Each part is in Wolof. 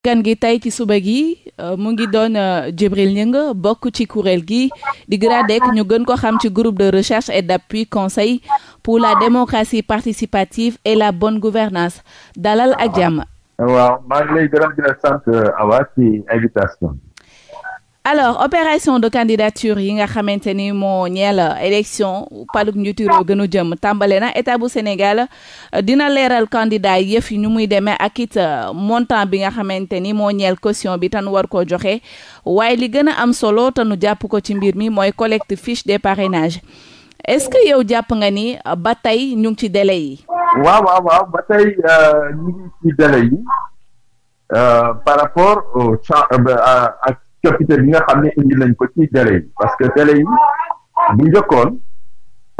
gan gi tey ci suba gi euh, mu ngi doon euh, Djibril Gningue bokk ci kuréel gi di GRADEC ñu gën ko xam ci groupe de recherche et d'appui conseil pour la démocratie participative et la bonne gouvernance dalal ak jàmm waaw alors opération de candidature yi nga xamante ni moo ñeel élection paluk njiitu réew gënu jëm tàmbale na état bu Sénégal dina leeral candidat yëf yi ñu muy demee ak it euh, montant bi nga xamante ni moo ñeel caution bi tan war koo joxe waaye li gën a am solo te nu jàpp ko ci mbir mi mooy collecte fiche de parrainage est-ce que yow jàpp nga ni euh, ba tey ñu ngi ci délai yi. waaw waaw waaw ba tey euh, ñu ngi ci délai yi par rapport au champ ak coppite bi nga xam ne indi nañ ko ci délai yi parce que délai yi bu njëkkoon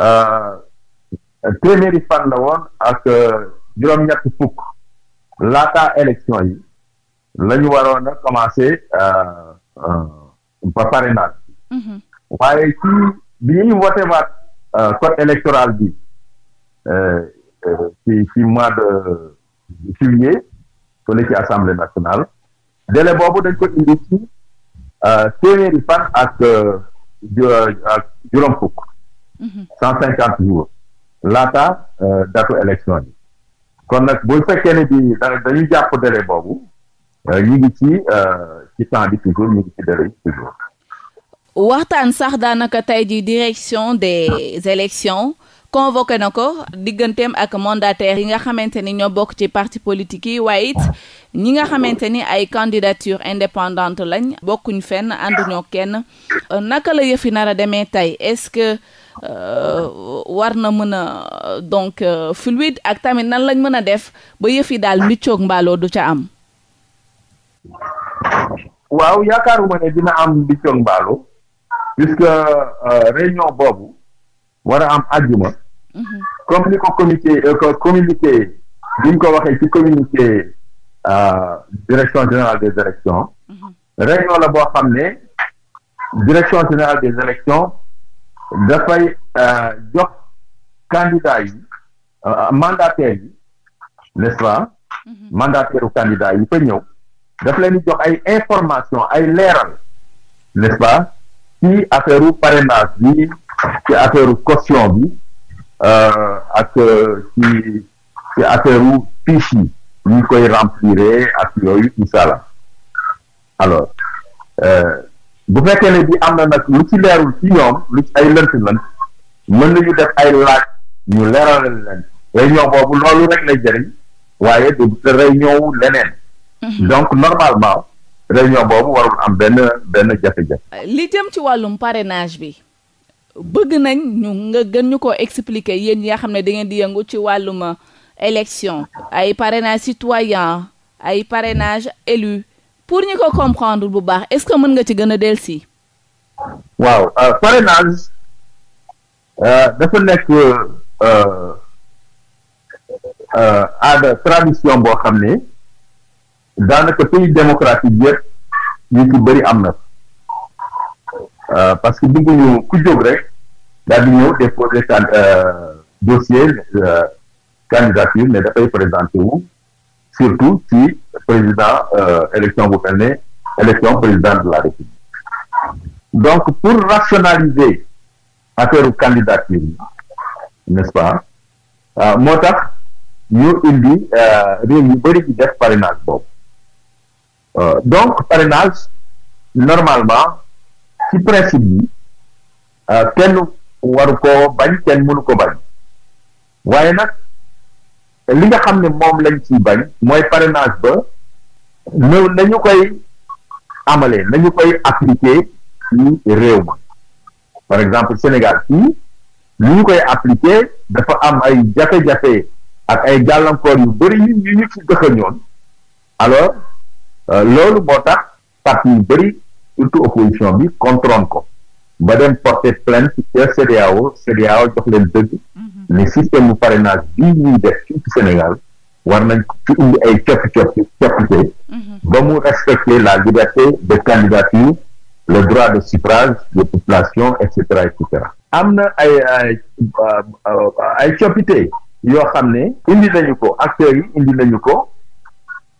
euh, téeméeri fan la woon ak euh, juróom-ñett fukk laataa élection yi la ñu waroon a commencé euh, ba parrainage mm-hmm. waaye ci bi ñuy voté waat code bi ci ci mois de juillet fële ci assemblée nationale délai boobu dañ ko indi ci Euh, téeméeri fan ak euh, euh, ak juróom fukk mhm. cent cinquante jours datu élection kon nag bu fekkee ne bi dañuy jàpp délai boobu ñu ngi ci ci temps bi toujours ñu waxtaan sax daanaka tey ji direction des élections convoqué na ko digganteem ak mandataire yi nga xamante ni ñoo bokk ci parti politique yi waaye ñi nga xamante ni ay candidature indépendante lañ bokkuñ fenn ànduñoo kenn naka la yëfi nar a demee tey est-ce que euh, war na mën a donc euh, fluide ak tamit nan lañ mën a def ba yëfi daal mbiccoog mbaaloo du ca am waaw yaakaaruma ne dina am mbiccoog mbaaloo puisque euh, réunion boobu war a am àjjuma comme ni ko communité euh, communiqué ñu ko waxee ci communiqué euh, direction générale des élections mhm. réunion la boo xam ne direction générale des élections dafay euh, jox candidat yi mandataire yi n'est-ce pas mhm. mandataire candidat yi fa ñëw daf leen jox ay information ay leeral n'est-ce pas ci affaire u parrainage bi ci affaire u caution bi Euh, ak euh, ci ci affaire u fiche yi ñu koy remplir ak yooyu incha allah alors euh, bu fekkee ne bi am na nag lu ci leerul ci ñoom lu ci ay lënt lënt mën ñu def ay laaj ñu leeralal leen réunion boobu loolu rek lay jëriñ waaye du réunion wu leneen mhm. donc normalement réunion boobu warul am benn benn jafe-jafe li jëm ci wàllum parrainage bi bëgg nañ ñu nga gën ñu ko expliquer yéen yaa xam ne da ngeen di yëngu ci wàllum élection ay parrainage citoyen ay parrainage élu pour ñu ko comprendre bu baax est-ce que mën nga ci gën a dellusi waaw euh, parrainage euh, dafa nekk euh, aada tradition boo xam ne daanaka pays démocratique yëpp ñu ci bëri am na Euh, parce que bëgguñu ku jóg rek daal di ñëw déposer euh, dossier euh, candidature ne dafay présenté wu surtout ci président élection bu mel élection président de la république donc pour rationaliser affaire candidature n'est-ce pas moo tax ñu indi réew yu bëri ci def donc parrainage normalement ci principe bi euh, kenn waru koo bañ kenn mënu ko bañ waaye nag li nga xam ne moom lañ ci bañ mooy parrainage ba néew nañu koy amalee nañu koy appliquer ci réew ma par exemple Sénégal fii li ñu koy appliquer dafa am ay jafe-jafe ak ay gàllankoor yu bari yu ñu ci dëxañoon alors euh, loolu moo tax parti yu bëri surtout opposition bi contrôle ko ba dem porter plainte ca CEDEAO CEDEAO jox leen dëgg mhm. ne système bu parrainage bii ñuy def ci Sénégal war nañ ci indi ay coppi coppi coppite mhm. ba mu respecter la liberté de candidature le droit de suffrage de population et cetera am na ay euh, ay coppite yoo xam ne indi nañu ko acteurs yi indi nañu ko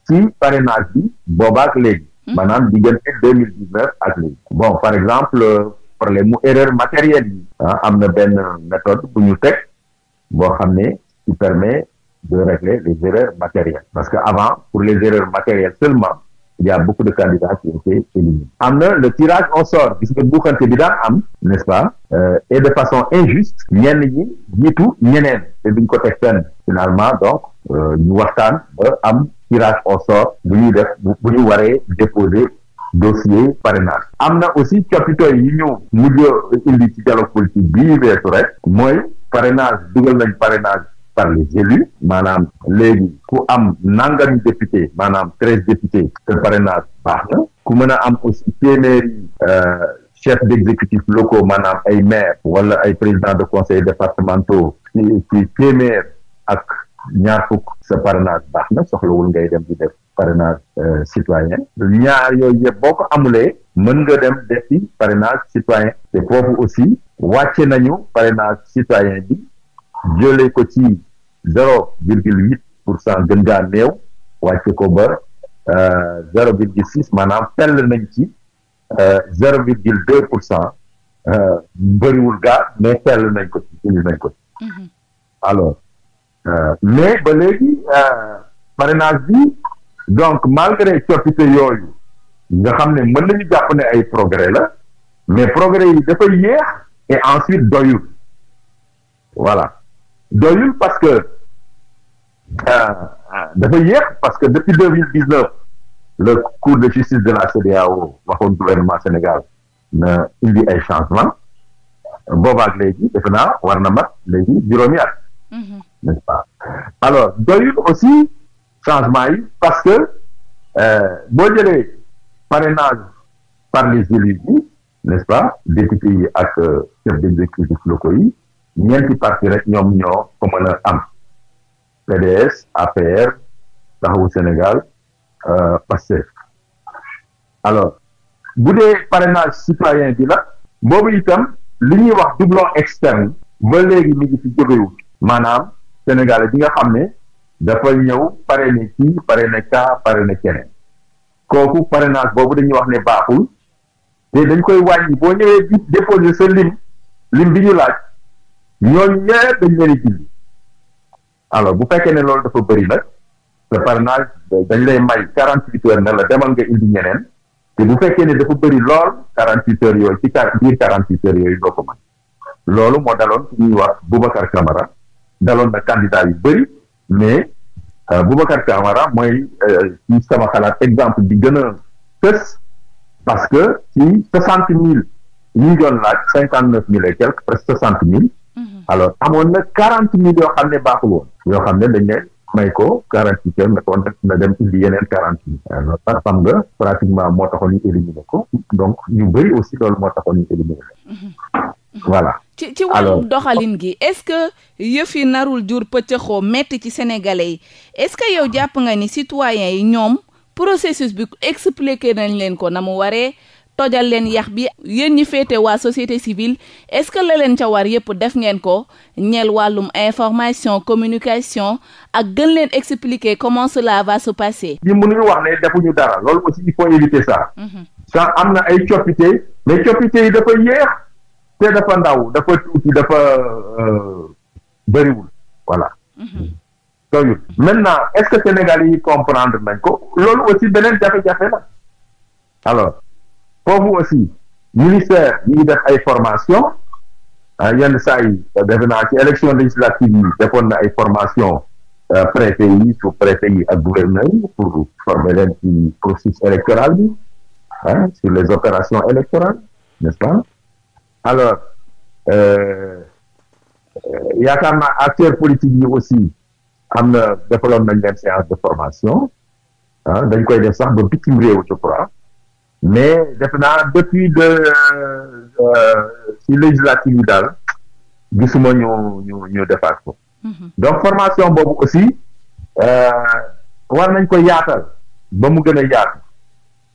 ci parrainage bi boobaak léegi Hmm? maanaam diggante deux mille dix neuf ak bon par exemple euh, problème mu erreur matérielle yi ah, am na benn méthode bu ñu teg boo xam ne qui permet de régler les erreurs matérielles parce que avant pour les erreurs matériels seulement il y a beaucoup de candidats qui ont été éliminés am na le tirage au sort gis nga buuxante bi daan am n'est-ce pas euh, et de façon injuste ñenn ñi ñitu ñeneen te duñ finalement donc euh, ñu waxtaan ba am tirage au sort bu ñuy def bu ñu waree déposer dossier parrainage am na aussi capitaux yi ñu mujj indi ci dialogue politique bii weesu rek mooy parrainage dugal nañ parrainage par les élus maanaam léegi ku am nangami député maanaam treize députés te parrainage baax na ku mën a am aussi téeméeri euh, chef d'exécutif locaux maanaam ay maire wala ay président de conseil départementaux ci ci téeméer ak ñaar fukk sa parrainage baax na soxlawul ngay dem di def parrainage euh, citoyen ñaar yooyu yëpp boo ko amulee mën nga dem defi parrainage citoyen te foofu aussi wàcce nañu parrainage citoyen bi jëlee ko ci zéro virgule huit pour cent gën gaa néew wàcce ko ba euh, zéro virgule six maanaam fell nañ ci euh, zéro virgule deux pour cent bëriwul gaa mais fell nañ ko ci nañ ko ci mm-hmm. alors Euh, mais ba léegi euh, parrainage bi donc malgré coppite yooyu nga xam ne mën nañu jàpp ne ay progrès la mais progrès yi dafa yéex et ensuite doyul voilà doyul parce que euh, dafa yéex parce que depuis deux mille le cours de justice de la CEDEAO waxoon gouvernement Sénégal na indi ay changement boobaak léegi defe naa war na mat léegi juróomi at Mm-hmm. n'est-ce pas alors doyul aussi changement yi parce que euh, boo jëlee parrainage par les élus yi n'est-ce pas député yi ak euh, chef d'exécutif locaux yi ñeenti parti rek ñoom ñoo ko mën a am PDS APR Taxawu Sénégal euh, Pastef alors bu dee parrainage citoyen bi la boobu itam li ñuy wax doublon externe ba léegi mi ngi fi jógewul maanaam sénégalais bi nga xam ne dafa ñëw pare na kii pare na kaa pare na keneen kooku pare parrainage boobu dañuy wax ne baaxul te dañ koy wàññi boo ñëwee di déposer sa lim lim bi ñu laaj ñooñu ñëpp dañ leen di alors bu fekkee ne loolu dafa bëri nag sa parrainage dañ lay may quarante huit heures ne la demal nga indi ñeneen te bu fekkee ne dafa bëri lool quarante huit heures yooyu ci biir quarante huit yooyu doo loolu moo daloon su ñuy wax Boubacar Camara daloon na candidat yu bëri mais bu euh, Boubacar Camara mooy euh, ci sama xalaat exemple bi gën a fës parce que ci soixante mille ñu doon laaj cinquante neuf mille et quelque presque soixante mille mhm. alors amoon na quarante mille yoo xam ne baaxul woon yoo xam ne dañ ne may ko quarante huit heures na ko na dem indi yeneen quarante mille alors sax xam nga pratiquement moo taxoon ñu éliminé ko donc ñu bëri aussi loolu moo taxoon ñu éliminé ko mhm. voilà ci ci wàllu doxalin gi est-ce que yëf yi narul jur pëccëxoo metti ci sénégalais yi est-ce que yow jàpp nga ni citoyens yi ñoom processus bi expliqué nañ leen ko na mu waree tojal leen yax bi yéen ñi féete waa société civile est-ce que la leen ca war yëpp def ngeen ko ñel wàllum information communication ak gën leen expliquer comment la va se passer. ñi mënuñu wax ne defuñu dara loolu aussi il faut éviter ça. Mhm. ça am na ay coppite mais coppite yi dafa yéex. te dafa ndaw dafa tuuti dafa euh, bëriwul voilà. Mhm. doyul maintenant est-ce que Sénégal yi comprendre ko loolu aussi beneen jafe-jafe la alors foofu aussi ministère yi ngi def ay formation ah, yenn saa yi defe ci élection législative yi defoon na ay formation sous euh, préfet yi ak gouverneur yi pour former leen ci processus électoral sur les opérations électorales n'est-ce pas alors euh, euh, yaakaar naa acteurs politiques yi aussi am na defaloon nañ leen séance de formation ah dañ koy def sax ba bitim réew je crois mais def naa depuis de si euh, législative yi daal gisuma ñu ñu ñu defaat ko mm-hmm. donc formation boobu aussi war nañ koy yaatal ba mu gën a yaatu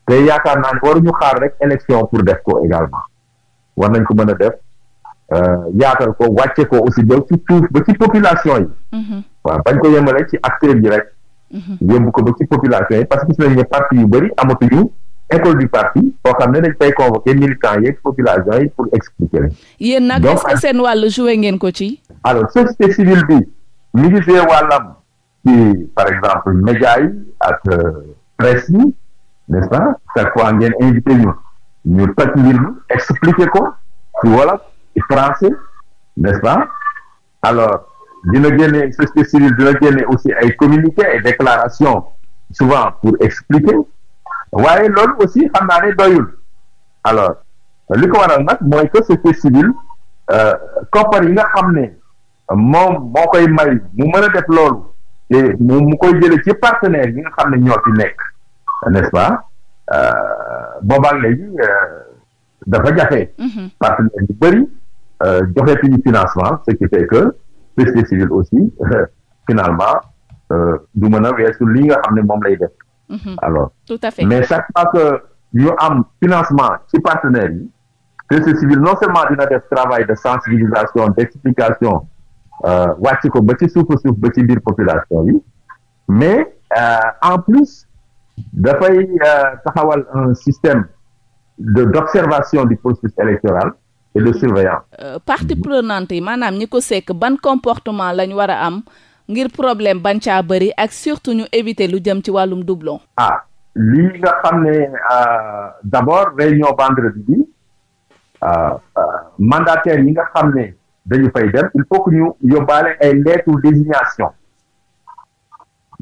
te yaakaar naa ne waruñu xaar rek élection pour def ko également war nañ ko mën a def euh, yaatal ko wàcce ko aussi ba ci suuf ba ci population yi. Mm-hmm. waaw bañ ko yemale ci acteurs yi rek. Mm-hmm. yóbbu ko ba ci population yi parce que gis nañ ne parti yu bëri amatuñu. école du parti boo xam ne dañ fay convoqué militants yeeg population yi pour expliquer leen. yéen nag est-ce que seen wàll joué ngeen ko ci. alors société civile bi mi ngi joué wàllam ci par exemple médias yi ak euh, presse yi n'est-ce pas chaque fois ngeen invité ñu ñu toj mbir mi expliquer ko wala wolof ci français n'est-ce pas alors dina génne société civile dina aussi ay communiqués ay déclarations souvent pour expliquer waaye loolu aussi xam naa doyul alors li ko waral nag mooy que société civile euh, koppar yi nga xam ne moom moo koy may mu mën a def loolu te mu koy jëlee ci partenaires yi nga xam ne ñoo fi nekk n'est-ce Euh, boobaag léegi euh, dafa jafe. Mm-hmm. partenaires yu bëri euh, joxeetuñu financement ce qui fait que société civile aussi finalement du mën a weesu li nga xam ne moom lay def. Mm-hmm. alors tout à mais chaque fois que ñu financement ci partenaire yi société civile non seulement dina def travail de sensibilisation d'explication wàcc ko ba ci suufu suuf ba ci biir population yi mais en plus. dafay euh, taxawal un système de d'observation du processus électoral et de surveillance. Euh, parties prenantes yi maanaam ñi ko sekk ban comportement lañu war a am ngir problème ban caa bëri ak surtout ñu éviter lu jëm ci wàllum doublon. ah lii nga xam ne euh, d'abord réunion vendredi bi mandataires yi nga xam ne dañu fay dem il faut que ñu yóbbaale ay lettres désignation.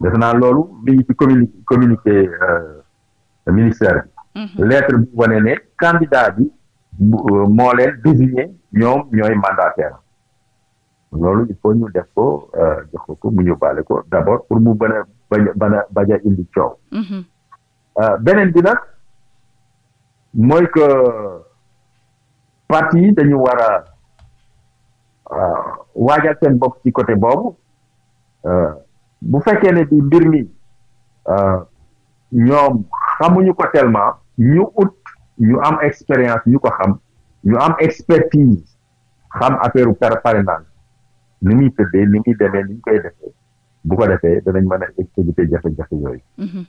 defe naa loolu mi ngi ci communi communiqué euh, ministère mhm. bi. lettre bu wane ne candidat bi euh, moo leen désigné ñoom ñooy mandataire loolu il faut ñu def ko euh, jox ko mu ñu baale ko d' pour mu bañ a bañ indi coow. Mhm. beneen bi nag mooy que parti yi dañu war a waajal seen bopp ci côté boobu. bu fekkee ne bi mbir mi euh, ñoom xamuñu ko tellement ñu ut ñu am expérience ñu ko xam ñu am expertise xam affaire par parrainage ni muy tëddee ni muy demee ni ñu koy defee bu ko defee danañ mën a éviter jafe yooyu. Mm-hmm.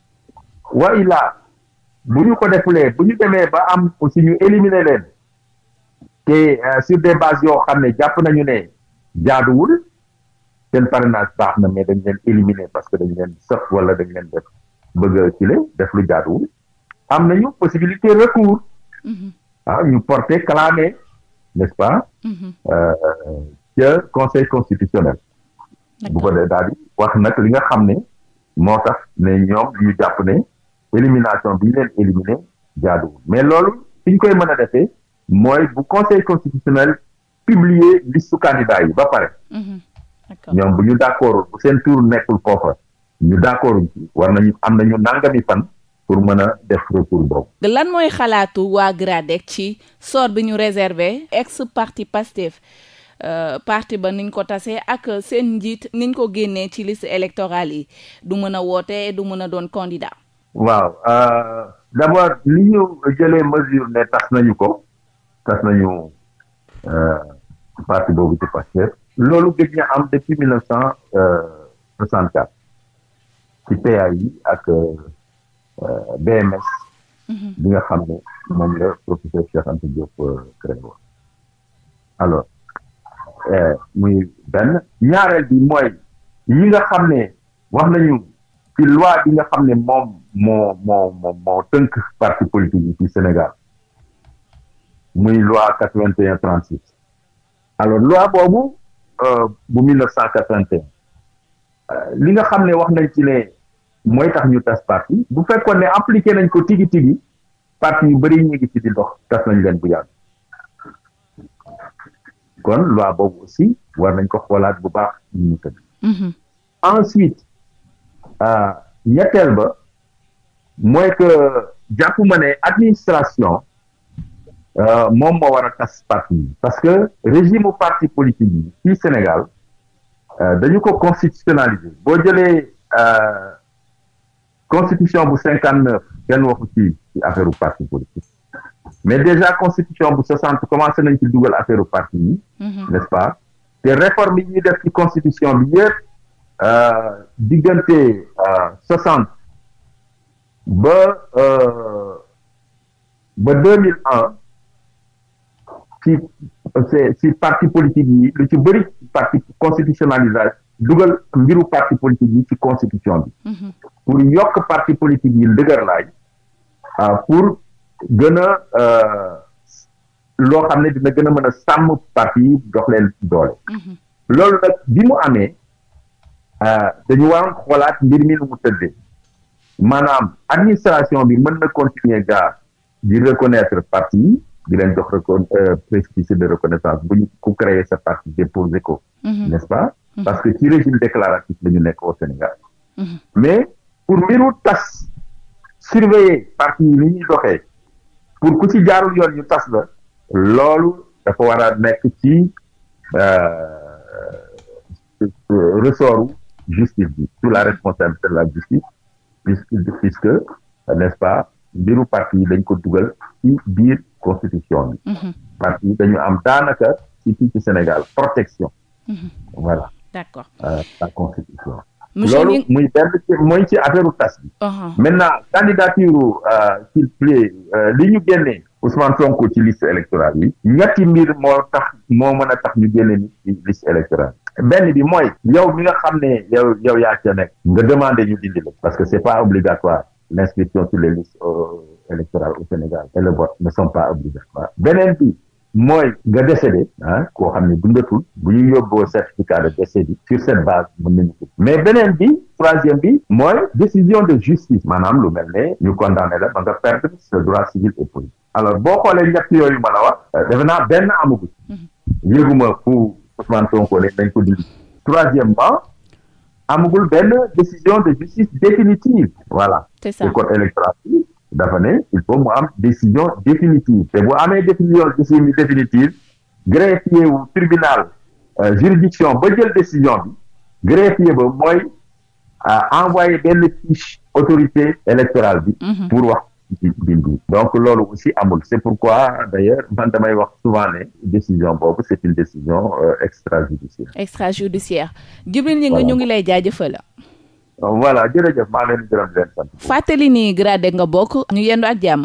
wa illaa bu ñu ko defulee bu ñu demee ba am aussi ñu éliminer leen te euh, sur des bases yoo xam ne jàpp nañu ne jaaduwul. seen parrainage baax na mais dañ leen éliminer parce que dañ leen sëf wala dañ leen def bëgg kile def lu jaaduwul am nañu possibilité recours mm-hmm. ah ñu porter clamer n'est-ce pas mm-hmm. euh, ca conseil constitutionnel bu ko dee daal di wax nag li nga xam ne moo tax ne ñoom ñu jàpp ne élimination bi ñu leen éliminer jaaduwul mais loolu fi ñu koy mën defee mooy bu conseil constitutionnel publier listu candidat yi ba pare mm-hmm. ñoom bu ñu d'accord bu seen tour nekkul foofa ñu d'accord war na ñu am nañu nangami fan pour mën a def recours boobu. lan mooy xalaatu waa GRADEC ci sort bi ñu réservé ex parti Pastef euh, parti ba niñ ko tasee ak seen njiit niñ ko génnee ci liste électorale yi du mën a woote du mën a doon candidat. waaw euh, d'abord li ñu jëlee mesure ne tas nañu ko tas nañu euh, parti boobu ci Pastef loolu gëj na am depuis mille neuf cent euh, soixante quatre ci PAI ak euh, euh, BMS. Mhm. bi nga xam ne moom la professeur Cheikh Anta Diop créé woon alors muy benn ñaareel bi mooy yi nga xam ne wax nañu ci loi nga xam ne moom moo moo moo tënk parti politique yi Sénégal muy loi quatre vingt et un trente bu 1981 euh, li nga xam ne wax nañ ci ne mooy tax ñu tas parti bu fekkoon ne appliqué nañ ko tigi tigi parti yu bëri ñu ngi ci di dox tas nañ leen bu yàgg kon loi boobu aussi war nañ ko xoolaat bu baax ñu mu tëdd mhm. ensuite euh, ñetteel ba mooy que jàpp ma ne administration Euh, moom moo war a tas parti parce que régime parti politique bi fii Sénégal euh, dañu ko constitutionnaliser boo jëlee euh, constitution bu cinquante neuf kenn waxu ci ci affaire u parti politique mais déjà constitution bu soixante commencé nañ ci dougal affaire u parti yi mhm. n'est-ce pas te réforme yi ñuy def ci constitution bi yëpp diggante soixante ba ba deux mille un si si parti politique yi lu ci bëri parti constitutionnalisation dugal mbiru parti politique yi ci constitution bi mhm. pour yokk parti politique yi dëgër laay ah, pour gën a euh, loo xam ne dina gën a mën a sàmm parti yi jox leen doole mhm. loolu nag bi mu amee ah, dañu waroon xoolaat mbir mi nu mu tëddee maanaam administration bi mën na continuer gaa di reconnaître parti yi di leen jox recon euh, reconnaissance bu ñu ku créer sa parti déposé ko. Mm-hmm. n'est-ce pas. Mm-hmm. parce que ci régime déclaratif la ñu nekk au Sénégal. Mm-hmm. mais pour mbiru tas surveiller parti yi ni ñuy doxee pour ku ci jaarul yoon ñu tas la loolu dafa war a nekk ci euh, ressortu justice bi sous la responsabilité de la justice puisque puisque n'est-ce pas mbiru parti yi dañ ko dugal ci biir. constitution bi. Mhm. parti dañu am daanaka surtout ci Sénégal protection. Mhm. voilà. d'accord euh, la constitution. loolu muy benn ci mooy ci affaire tas bi. Uh-huh. maintenant candidature euh, s'il plaît euh, li ñu génnee Ousmane Sonko ci liste électorale yi. ñetti mbir moo tax moo mën a tax ñu génne nit ci liste électorale benn bi mooy. yow mi nga xam ne yow yaa ca nekk. nga demander ñu dindi la. parce que c'est pas obligatoire. l'inscription sur les listes euh, électorales au Sénégal et le vote ne sont pas obligatoires beneen bi mooy nga décédé ah koo xam ne dundatul bu ñu yóbboo certificat de décès bi sur cette base mën nañu ko mais benen bi troisième bi mooy décision de justice maanaam lu mel ne ñu condamné la ba nga perdre ce droit civil et politique alors boo xoolee ñett yooyu ma la wax euh, defe naa benn amagut mhm. yëguma fu Ousmane Sonko ne dañ ko dindi troisièmement amagul décision de justice définitive voilà c'est ça code électoral bi dafa ne il faut mu décision définitive te bu amee décision définitive greffier wu tribunal euh, juridiction ba jël décision bi greffier ba mooy euh, envoyé benn fiche autorité électorale bi mhm. pour wax donc loolu aussi amul c'est pourquoi d'ailleurs man damay wax souvent ne décision boobu c'est une décision euh, extrajudiciaire extrajudiciaire Djibril Gningue ñu ngi lay jaajëfal voilà jërëjëf maa ngi ni Gradec nga bokk ñu yendu ak jàmm.